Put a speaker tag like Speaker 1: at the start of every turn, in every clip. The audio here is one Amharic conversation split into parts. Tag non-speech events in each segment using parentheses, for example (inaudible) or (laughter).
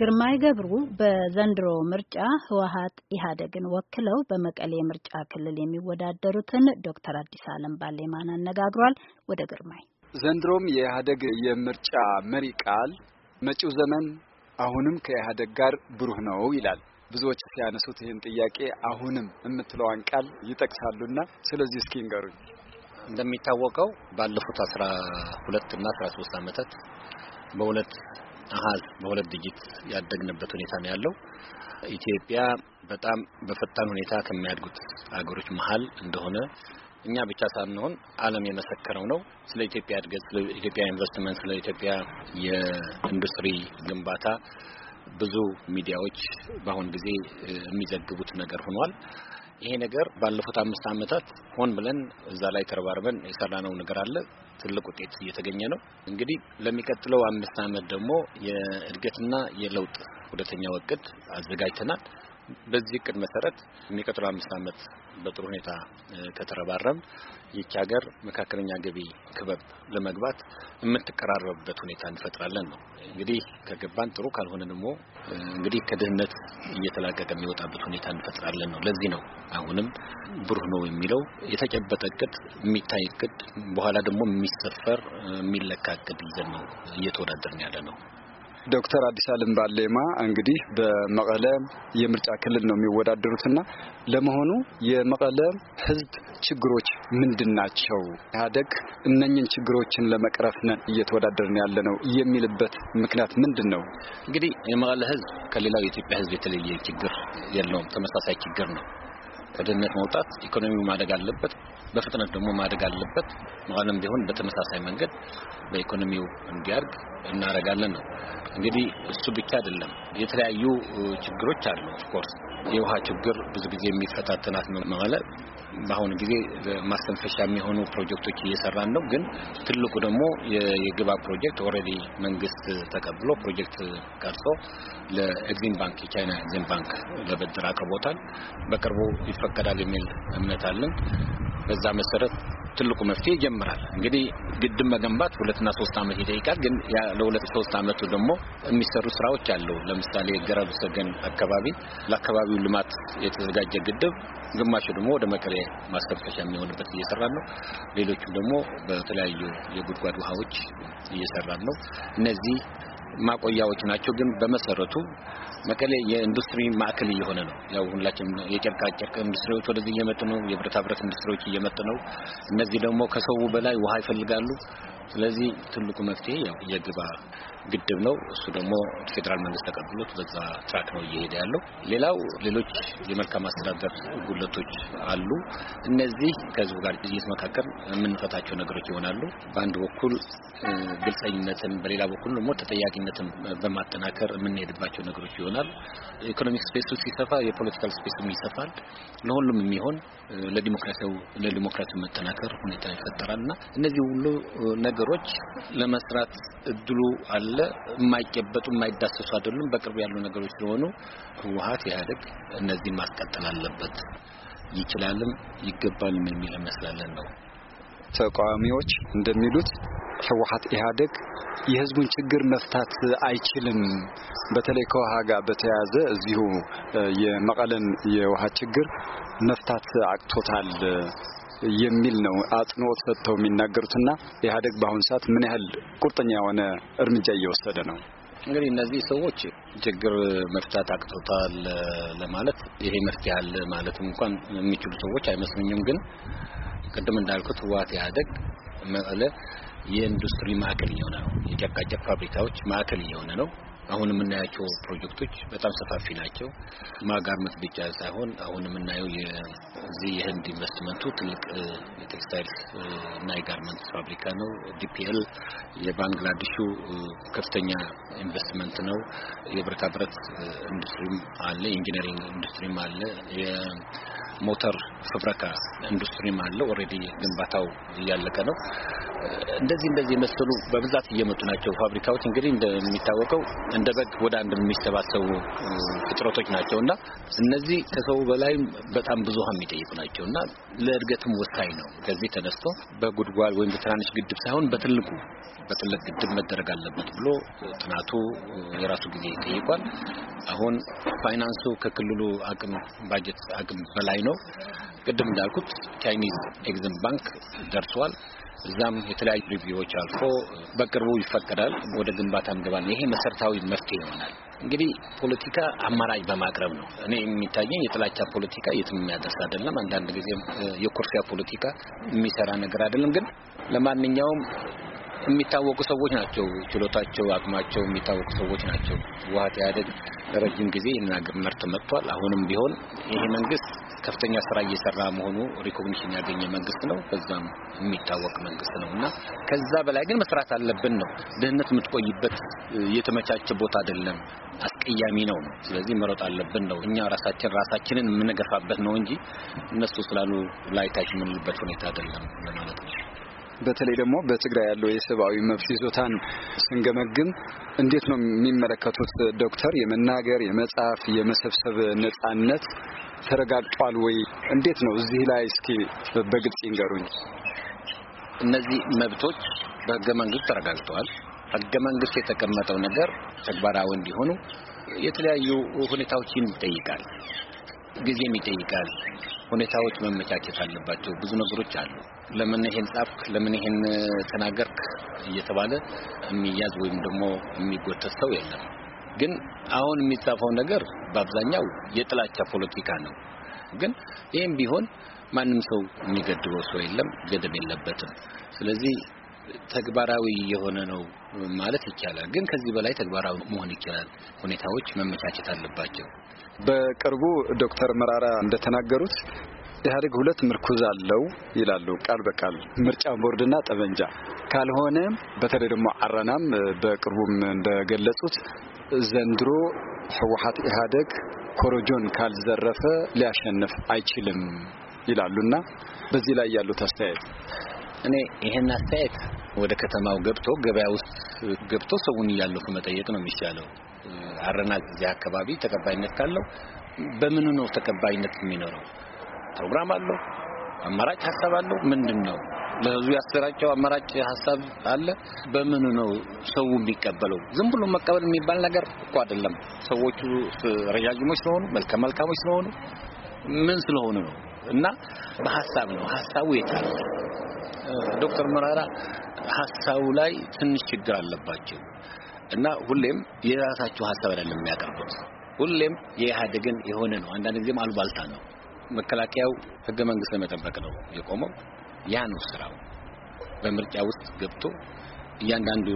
Speaker 1: ግርማይ ገብሩ በዘንድሮ ምርጫ ህወሀት ኢህአዴግን ወክለው በመቀሌ ምርጫ ክልል የሚወዳደሩትን ዶክተር አዲስ አለም ባሌማን አነጋግሯል። ወደ ግርማይ ዘንድሮም የኢህአዴግ የምርጫ መሪ ቃል መጪው ዘመን አሁንም ከኢህአዴግ ጋር ብሩህ ነው ይላል። ብዙዎች ሲያነሱት ይህን ጥያቄ አሁንም የምትለዋን ቃል ይጠቅሳሉና ስለዚህ እስኪ ንገሩኝ። እንደሚታወቀው ባለፉት
Speaker 2: 12 እና 13 ዓመታት በሁለት አሃዝ በሁለት ዲጂት ያደግንበት ሁኔታ ነው ያለው። ኢትዮጵያ በጣም በፈጣን ሁኔታ ከሚያድጉት አገሮች መሀል እንደሆነ እኛ ብቻ ሳንሆን ዓለም የመሰከረው ነው። ስለ ኢትዮጵያ እድገት፣ ስለ ኢትዮጵያ ኢንቨስትመንት፣ ስለ ኢትዮጵያ የኢንዱስትሪ ግንባታ ብዙ ሚዲያዎች በአሁን ጊዜ የሚዘግቡት ነገር ሆኗል። ይሄ ነገር ባለፉት አምስት ዓመታት ሆን ብለን እዛ ላይ ተረባርበን የሰራነው ነገር አለ። ትልቅ ውጤት እየተገኘ ነው። እንግዲህ ለሚቀጥለው አምስት ዓመት ደግሞ የእድገትና የለውጥ ሁለተኛው እቅድ አዘጋጅተናል። በዚህ እቅድ መሰረት የሚቀጥለው አምስት ዓመት በጥሩ ሁኔታ ከተረባረም ይቺ ሀገር መካከለኛ ገቢ ክበብ ለመግባት የምትቀራረብበት ሁኔታ እንፈጥራለን ነው። እንግዲህ ከገባን ጥሩ፣ ካልሆነ ደግሞ እንግዲህ ከድህነት እየተላቀቀ የሚወጣበት ሁኔታ እንፈጥራለን ነው። ለዚህ ነው አሁንም ብሩህ ነው የሚለው የተጨበጠ እቅድ፣ የሚታይ እቅድ፣ በኋላ ደግሞ የሚሰፈር የሚለካ እቅድ ይዘን ነው እየተወዳደርን ያለ ነው።
Speaker 1: ዶክተር አዲስ አለም ባሌማ እንግዲህ በመቀለ የምርጫ ክልል ነው የሚወዳደሩትና ለመሆኑ የመቀለ ህዝብ ችግሮች ምንድን ናቸው? ኢህአዴግ እነኝን ችግሮችን ለመቅረፍ ነን እየተወዳደርን ያለ ነው የሚልበት ምክንያት ምንድን ነው? እንግዲህ
Speaker 2: የመቀለ ህዝብ ከሌላው የኢትዮጵያ ህዝብ የተለየ ችግር የለውም። ተመሳሳይ ችግር ነው። ከድህነት መውጣት፣ ኢኮኖሚው ማደግ አለበት። በፍጥነት ደግሞ ማደግ አለበት። መቀለም ቢሆን በተመሳሳይ መንገድ በኢኮኖሚው እንዲያድግ እናደርጋለን ነው። እንግዲህ እሱ ብቻ አይደለም፣ የተለያዩ ችግሮች አሉ። ኦፍኮርስ የውሃ ችግር ብዙ ጊዜ የሚፈታተናት መቀለ በአሁኑ ጊዜ ማስተንፈሻ የሚሆኑ ፕሮጀክቶች እየሰራን ነው። ግን ትልቁ ደግሞ የግባ ፕሮጀክት ኦልሬዲ መንግስት ተቀብሎ ፕሮጀክት ቀርጾ ለኤግዚም ባንክ የቻይና ኤግዚም ባንክ ለብድር አቅርቦታል። በቅርቡ ይፈቀዳል የሚል እምነት አለን። በዛ መሰረት ትልቁ መፍትሄ ይጀምራል። እንግዲህ ግድብ መገንባት ሁለትና ሶስት አመት ይጠይቃል። ግን ለሁለት ሶስት አመቱ ደግሞ የሚሰሩ ስራዎች አሉ። ለምሳሌ ገረብ ሰገን አካባቢ ለአካባቢው ልማት የተዘጋጀ ግድብ ግማሹ ደግሞ ወደ መቀሌ ማስተንፈሻ የሚሆንበት እየሰራ ነው። ሌሎቹም ደግሞ በተለያዩ የጉድጓድ ውሃዎች እየሰራ ነው። እነዚህ ማቆያዎች ናቸው። ግን በመሰረቱ መቀሌ የኢንዱስትሪ ማዕከል እየሆነ ነው። ያው ሁላችንም የጨርቃ ጨርቅ ኢንዱስትሪዎች ወደዚህ እየመጡ ነው። የብረታ ብረት ኢንዱስትሪዎች እየመጡ ነው። እነዚህ ደግሞ ከሰው በላይ ውሃ ይፈልጋሉ። ስለዚህ ትልቁ መፍትሄ ያው የግባ ግድብ ነው። እሱ ደግሞ ፌዴራል መንግስት ተቀብሎት በዛ ትራክ ነው እየሄደ ያለው። ሌላው ሌሎች የመልካም አስተዳደር ጉለቶች አሉ። እነዚህ ከህዝቡ ጋር መካከል የምንፈታቸው ነገሮች ይሆናሉ። በአንድ በኩል ግልጸኝነትን፣ በሌላ በኩል ደግሞ ተጠያቂነትን በማጠናከር የምንሄድባቸው ነገሮች ይሆናል። ኢኮኖሚክ ስፔሱ ሲሰፋ የፖለቲካል ስፔሱም ይሰፋል። ለሁሉም የሚሆን ለዲሞክራሲው መጠናከር ሁኔታ ይፈጠራል እና እነዚህ ሁሉ ነገሮች ለመስራት እድሉ አለ። የማይጨበጡ የማይዳሰሱ አይደሉም። በቅርብ ያሉ ነገሮች ስለሆኑ ህወሀት፣ ኢህአዴግ እነዚህ ማስቀጠል አለበት።
Speaker 1: ይችላልም ይገባልም የሚል መስላለን ነው ተቃዋሚዎች እንደሚሉት ህወሀት ኢህአዴግ የህዝቡን ችግር መፍታት አይችልም። በተለይ ከውሃ ጋር በተያያዘ እዚሁ የመቀለን የውሃ ችግር መፍታት አቅቶታል የሚል ነው አጽንኦት ሰጥተው የሚናገሩትና ኢህአዴግ በአሁኑ ሰዓት ምን ያህል ቁርጠኛ የሆነ እርምጃ እየወሰደ ነው?
Speaker 2: እንግዲህ እነዚህ ሰዎች ችግር መፍታት አቅቶታል ለማለት ይሄ መፍትሄ አለ ማለትም እንኳን የሚችሉ ሰዎች አይመስሉኝም። ግን ቅድም እንዳልኩት ህወሓት ኢህአዴግ መቀለ የኢንዱስትሪ ማዕከል እየሆነ ነው። የጨቃጨቅ ፋብሪካዎች ማዕከል እየሆነ ነው። አሁን የምናያቸው ፕሮጀክቶች በጣም ሰፋፊ ናቸው። ማጋርመት ብቻ ሳይሆን አሁን የምናየው እዚህ የህንድ ኢንቨስትመንቱ ትልቅ የቴክስታይል እና የጋርመንት ፋብሪካ ነው። ዲፒኤል የባንግላዴሹ ከፍተኛ ኢንቨስትመንት ነው። የብረታ ብረት ኢንዱስትሪም አለ፣ የኢንጂነሪንግ ኢንዱስትሪም አለ፣ የሞተር ፍብረካ ኢንዱስትሪም አለ። ኦልሬዲ ግንባታው እያለቀ ነው። እንደዚህ እንደዚህ የመሰሉ በብዛት እየመጡ ናቸው። ፋብሪካዎች እንግዲህ እንደሚታወቀው እንደ በግ ወደ አንድ የሚሰባሰቡ ፍጥረቶች ናቸው እና እነዚህ ከሰው በላይም በጣም ብዙ ውሃ የሚጠይቁ ናቸው እና ለእድገትም ወሳኝ ነው። ከዚህ ተነስቶ በጉድጓድ ወይም በትናንሽ ግድብ ሳይሆን በትልቁ በትልቅ ግድብ መደረግ አለበት ብሎ ጥናቱ የራሱ ጊዜ ይጠይቋል። አሁን ፋይናንሱ ከክልሉ አቅም ባጀት አቅም በላይ ነው። ቅድም እንዳልኩት ቻይኒዝ ኤግዚም ባንክ ደርሷል። እዛም የተለያዩ ሪቪዎች አልፎ በቅርቡ ይፈቀዳል፣ ወደ ግንባታ እንገባለን። ይሄ መሰረታዊ መፍትሄ ይሆናል። እንግዲህ ፖለቲካ አማራጭ በማቅረብ ነው። እኔ የሚታየኝ የጥላቻ ፖለቲካ የትም የሚያደርስ አይደለም። አንዳንድ ጊዜም የኩርፊያ ፖለቲካ የሚሰራ ነገር አይደለም። ግን ለማንኛውም የሚታወቁ ሰዎች ናቸው። ችሎታቸው፣ አቅማቸው የሚታወቁ ሰዎች ናቸው። ህወሓት ኢህአዴግ ለረጅም ጊዜ ይናገር መርት መጥቷል። አሁንም ቢሆን ይሄ መንግስት ከፍተኛ ስራ እየሰራ መሆኑ ሪኮግኒሽን ያገኘ መንግስት ነው። በዛም የሚታወቅ መንግስት ነው እና ከዛ በላይ ግን መስራት አለብን ነው። ድህነት የምትቆይበት የተመቻቸ ቦታ አይደለም፣ አስቀያሚ ነው ነው። ስለዚህ መሮጥ አለብን ነው። እኛ ራሳችን ራሳችንን የምንገፋበት ነው እንጂ እነሱ ስላሉ ላይ ታች የምንልበት ሁኔታ አይደለም ለማለት
Speaker 1: ነው። በተለይ ደግሞ በትግራይ ያለው የሰብአዊ መብት ይዞታን ስንገመግም እንዴት ነው የሚመለከቱት ዶክተር? የመናገር የመጻፍ የመሰብሰብ ነጻነት ተረጋግጧል ወይ? እንዴት ነው? እዚህ ላይ እስኪ በግልጽ ይንገሩኝ። እነዚህ መብቶች
Speaker 2: በህገ መንግስት ተረጋግጠዋል። ህገ መንግስት የተቀመጠው ነገር ተግባራዊ እንዲሆኑ የተለያዩ ሁኔታዎችን ይጠይቃል፣ ጊዜም ይጠይቃል። ሁኔታዎች መመቻቸት አለባቸው። ብዙ ነገሮች አሉ። ለምን ይሄን ጻፍክ፣ ለምን ይሄን ተናገርክ እየተባለ የሚያዝ ወይም ደግሞ የሚጎተት ሰው የለም። ግን አሁን የሚጻፈው ነገር በአብዛኛው የጥላቻ ፖለቲካ ነው። ግን ይህም ቢሆን ማንም ሰው የሚገድበው ሰው የለም፣ ገደብ የለበትም። ስለዚህ ተግባራዊ የሆነ ነው ማለት ይቻላል። ግን ከዚህ በላይ ተግባራዊ መሆን ይችላል።
Speaker 1: ሁኔታዎች መመቻቸት አለባቸው። በቅርቡ ዶክተር መራራ እንደተናገሩት ኢህአዴግ ሁለት ምርኩዝ አለው ይላሉ ቃል በቃል ምርጫ ቦርድና ጠመንጃ ካልሆነ በተለይ ደግሞ አረናም በቅርቡም እንደገለጹት ዘንድሮ ህወሓት ኢህአዴግ ኮረጆን ካልዘረፈ ሊያሸንፍ አይችልም ይላሉና በዚህ ላይ ያሉት አስተያየት እኔ ይሄን አስተያየት
Speaker 2: ወደ ከተማው ገብቶ ገበያ ውስጥ ገብቶ ሰውን እያለፉ መጠየቅ ነው የሚሻለው። አረና እዚህ አካባቢ ተቀባይነት ካለው በምኑ ነው ተቀባይነት የሚኖረው? ፕሮግራም አለው፣ አማራጭ ሀሳብ አለው፣ ምንድን ነው ለህዝቡ ያሰራጨው አማራጭ ሀሳብ አለ። በምን ነው ሰው የሚቀበለው? ዝም ብሎ መቀበል የሚባል ነገር እኮ አይደለም። ሰዎቹ ረዣዥሞች ስለሆኑ መልከ መልካሞች ስለሆኑ ምን ስለሆኑ ነው እና በሀሳብ ነው። ሀሳቡ የታለ? ዶክተር መራራ ሀሳቡ ላይ ትንሽ ችግር አለባቸው እና ሁሌም የራሳቸው ሀሳብ አይደለም የሚያቀርቡት። ሁሌም የኢህአዴግን የሆነ ነው። አንዳንድ ጊዜም አሉባልታ ነው። መከላከያው ህገ መንግስት ለመጠበቅ ነው የቆመው። ያ ነው ስራው። በምርጫ ውስጥ ገብቶ እያንዳንዱ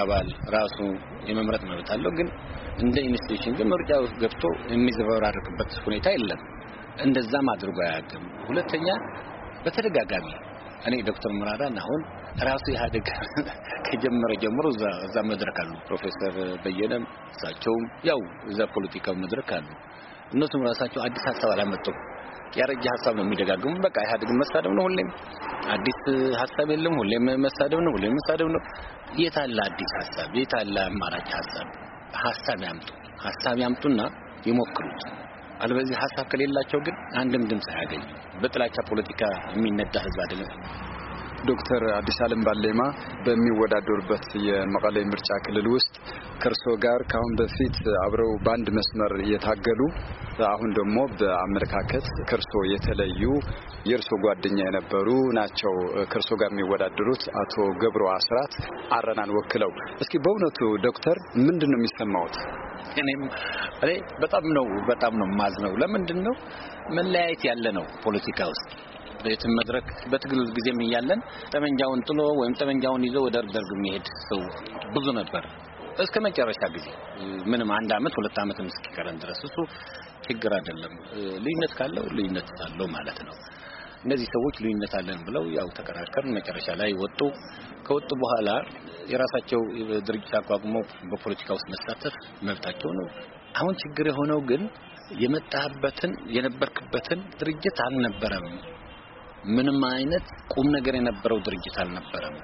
Speaker 2: አባል ራሱ የመምረጥ መብት አለው። ግን እንደ ኢንስቲትዩሽን ግን ምርጫ ውስጥ ገብቶ የሚዘበራርቅበት ሁኔታ የለም። እንደዛም አድርጎ አያውቅም። ሁለተኛ በተደጋጋሚ እኔ ዶክተር ሙራዳን አሁን ራሱ ኢህአዴግ (laughs) ከጀመረ ጀምሮ እዛ መድረክ አሉ። ፕሮፌሰር በየነም እሳቸውም ያው እዛ ፖለቲካው መድረክ አሉ። እነሱም ራሳቸው አዲስ ሀሳብ አላመጡም። ያረጀ ሀሳብ ነው የሚደጋግሙ። በቃ ኢህአዴግን መሳደብ ነው ሁሌም። አዲስ ሀሳብ የለም፣ ሁሌም መሳደብ ነው፣ ሁሌም መሳደብ ነው። የታለ አዲስ ሀሳብ? የታለ አማራጭ ሀሳብ? ሀሳብ ያምጡ፣ ሀሳብ ያምጡና ይሞክሩት። አለበዚህ ሀሳብ ከሌላቸው ግን አንድም ድምፅ አያገኙ።
Speaker 1: በጥላቻ ፖለቲካ የሚነዳ ህዝብ አይደለም። ዶክተር አዲስ አለም ባሌማ በሚወዳደሩበት የመቀሌ ምርጫ ክልል ውስጥ ከእርሶ ጋር ከአሁን በፊት አብረው በአንድ መስመር የታገሉ አሁን ደግሞ በአመለካከት ከእርሶ የተለዩ የእርሶ ጓደኛ የነበሩ ናቸው። ከእርሶ ጋር የሚወዳደሩት አቶ ገብሩ አስራት አረናን ወክለው። እስኪ በእውነቱ ዶክተር ምንድን ነው የሚሰማዎት? እኔም በጣም ነው በጣም ነው ማዝ ነው። ለምንድን ነው መለያየት ያለ ነው
Speaker 2: ፖለቲካ ውስጥ በየትም መድረክ በትግል ጊዜም እያለን ጠመንጃውን ጥሎ ወይም ጠመንጃውን ይዞ ወደ ደርግ የሚሄድ ሰው ብዙ ነበር። እስከ መጨረሻ ጊዜ ምንም አንድ አመት ሁለት አመትም እስኪቀረን ድረስ እሱ ችግር አይደለም። ልዩነት ካለው ልዩነት አለው ማለት ነው። እነዚህ ሰዎች ልዩነት አለን ብለው ያው ተከራከር፣ መጨረሻ ላይ ወጡ። ከወጡ በኋላ የራሳቸው ድርጅት አቋቁመው በፖለቲካ ውስጥ መሳተፍ መብታቸው ነው። አሁን ችግር የሆነው ግን የመጣህበትን የነበርክበትን ድርጅት አልነበረም ምንም አይነት ቁም ነገር የነበረው ድርጅት አልነበረም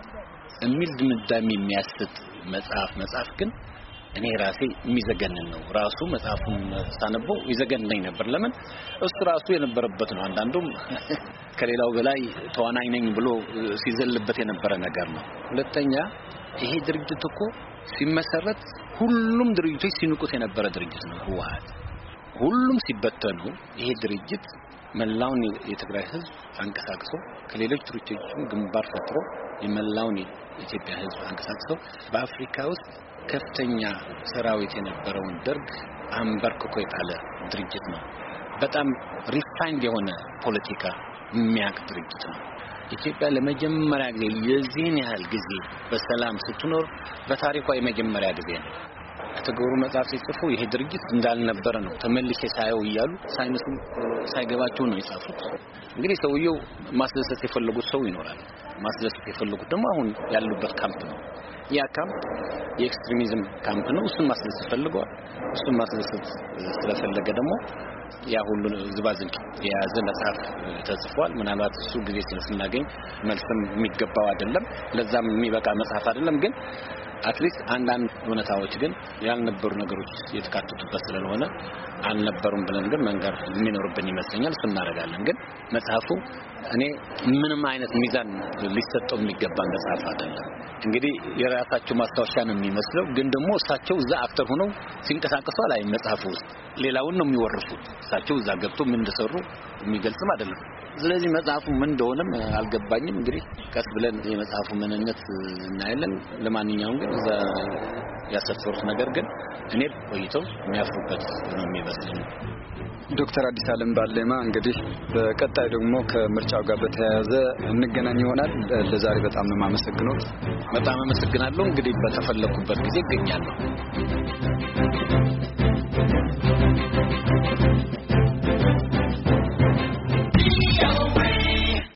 Speaker 2: የሚል ድምዳሜ የሚያስጥ መጽሐፍ መጽሐፍ ግን እኔ ራሴ የሚዘገንን ነው። ራሱ መጽሐፉን ሳነበው ይዘገንነኝ ነበር። ለምን እሱ ራሱ የነበረበት ነው። አንዳንዱም (laughs) ከሌላው በላይ ተዋናኝ ነኝ ብሎ ሲዘልበት የነበረ ነገር ነው። ሁለተኛ ይሄ ድርጅት እኮ ሲመሰረት ሁሉም ድርጅቶች ሲንቁት የነበረ ድርጅት ነው ህወሓት ሁሉም ሲበተኑ ይሄ ድርጅት መላውን የትግራይ ህዝብ አንቀሳቅሶ ከሌሎች ድርጅቶች ግንባር ፈጥሮ የመላውን የኢትዮጵያ ህዝብ አንቀሳቅሶ በአፍሪካ ውስጥ ከፍተኛ ሰራዊት የነበረውን ደርግ አንበርክኮ የጣለ ድርጅት ነው። በጣም ሪፋይንድ የሆነ ፖለቲካ የሚያቅ ድርጅት ነው። ኢትዮጵያ ለመጀመሪያ ጊዜ የዚህን ያህል ጊዜ በሰላም ስትኖር በታሪኳ የመጀመሪያ ጊዜ ነው። ከተገብሩ መጽሐፍ ሲጽፉ ይሄ ድርጊት እንዳልነበረ ነው ተመልሼ ሳየው እያሉ ሳይነሱ ሳይገባቸው ነው የጻፉት። እንግዲህ ሰውየው ማስደሰት የፈለጉት ሰው ይኖራል። ማስደሰት የፈለጉት ደግሞ አሁን ያሉበት ካምፕ ነው። ያ ካምፕ የኤክስትሪሚዝም ካምፕ ነው። እሱን ማስደሰት ፈልገዋል። እሱን ማስደሰት ስለፈለገ ደግሞ ያ ሁሉ ዝባዝንቅ የያዘ መጽሐፍ ተጽፏል። ምናልባት እሱ ጊዜ ስናገኝ መልስም የሚገባው አይደለም፣ ለዛም የሚበቃ መጽሐፍ አይደለም ግን አትሊስት አንዳንድ እውነታዎች ግን ያልነበሩ ነገሮች የተካተቱበት ስለሆነ አልነበሩም ብለን ግን መንገር የሚኖርብን ይመስለኛል። እሱን ግን መጽሐፉ እኔ ምንም አይነት ሚዛን ሊሰጠው የሚገባ መጽሐፍ አይደለም። እንግዲህ የራሳቸው ማስታወሻ ነው የሚመስለው፣ ግን ደግሞ እሳቸው እዛ አክተር ሆነው ሲንቀሳቀሱ ላይ መጽሐፉ ውስጥ ሌላውን ነው የሚወርፉት። እሳቸው እዛ ገብቶ ምን እንደሰሩ የሚገልጽም አይደለም። ስለዚህ መጽሐፉ ምን እንደሆነም አልገባኝም። እንግዲህ ቀስ ብለን የመጽሐፉ ምንነት እናያለን። ለማንኛውም ግን እዛ ያሰፈሩት። ነገር ግን እኔ ቆይተው የሚያፍሩበት ነው የሚመስለኝ።
Speaker 1: ዶክተር አዲስ አለም ባሌማ እንግዲህ በቀጣይ ደግሞ ከምርጫው ጋር በተያያዘ እንገናኝ ይሆናል። ለዛሬ በጣም ነው የማመሰግነው።
Speaker 2: በጣም አመሰግናለሁ። እንግዲህ በተፈለኩበት ጊዜ ይገኛለሁ።